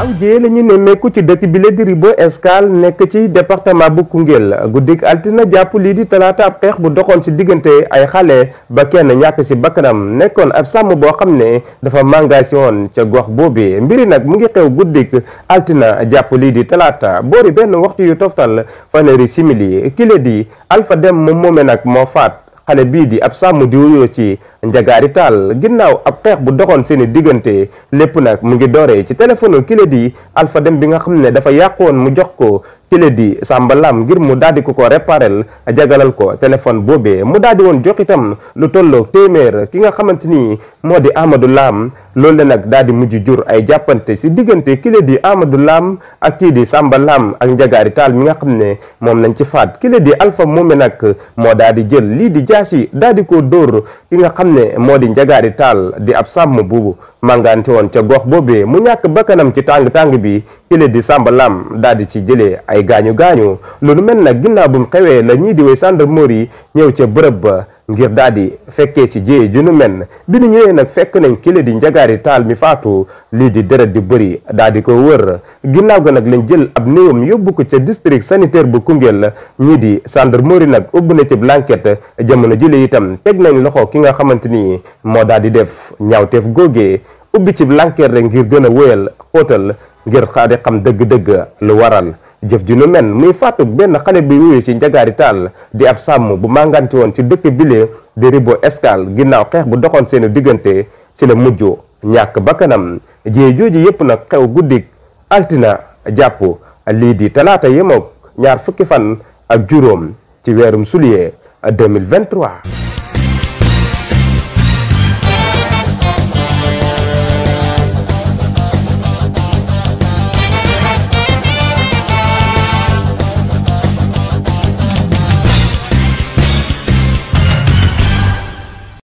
am jiyee la ñu nemmeeku ci dëkk bi la di Ribot Escale nekk ci département bu Koungheul guddik altina jàpp lii di talaata ab xeex bu doxoon ci diggante ay xale ba kenn ñàkk ci bakkanam nekkoon ab sàmm boo xam ne dafa màngaasi woon ca gox boobee mbiri nag mu ngi xew guddik altina jàpp lii di talaata boori benn waxtu yu toftal fanweeri simili kile di Alpha Dem moom moome nag moo faat xale bii di ab sàmm di wuyoo ci njagaari taal ginnaaw ab xeex bu doxoon seeni diggante lépp nag mu ngi dooree ci téléphone kile di Alpha Dem bi nga xam ne dafa yàqoon mu jox ko kile di Samba Lam ngir mu daal di ko ko réparel jagalal ko téléphone boobee mu daal di woon jox itam lu tolloog téeméer ki nga xamante ni moo di Amadou Lam loolu la nag daal di mujj jur ay jàppante si diggante kile di Amadou Lam ak kii di Samba Lam ak Njagaari Taal mi nga xam ne moom lañ ci faat kile di Alpha Moome nag moo daal di jël lii di jaasi daal di ko dóor ki nga xam ne moo di Njagaari Taal di ab sàmm buubu màngaante woon ca gox boobee mu ñàkk kanam ci tàng-tàng bi kile di Samba Lam daal di ci jële ay gaañu gaañu loolu mel nag ginnaaw bu mu xewee la ñii di way gendarmerie ñëw ca bërëb ba ngir daal di fekkee ci jiyee ju nu mel bi nu ñëwee nag fekk nañ kilo di njagaari taal mi faatu lii di deret di bëri daal di ko wër ginnaaw ga nag lañ jël ab néewam yóbbu ko ca district sanitaire bu Koungheul ñii di gendarmerie nag ubbi na ci blanquette jamono jële itam teg nañ loxo ki nga xamante ni moo daal di def ñaawteef googee ubbi ci blanquette rek ngir gën a xootal xóotal ngir xaadi xam dëgg-dëgg lu waral jëf ju nu men muy faatu benn xale bi wuyu ci njagaari taal di ab sàmm bu mànganti woon ci dëkk bile di Ribo Escale ginnaaw xeex bu doxoon seeni diggante ci la mujj ñàkk kanam jee jooju yépp nag xew guddi altina jàpp lii di talaata yemoog ñaar fukki fan ak juróom ci weerum juillet 2023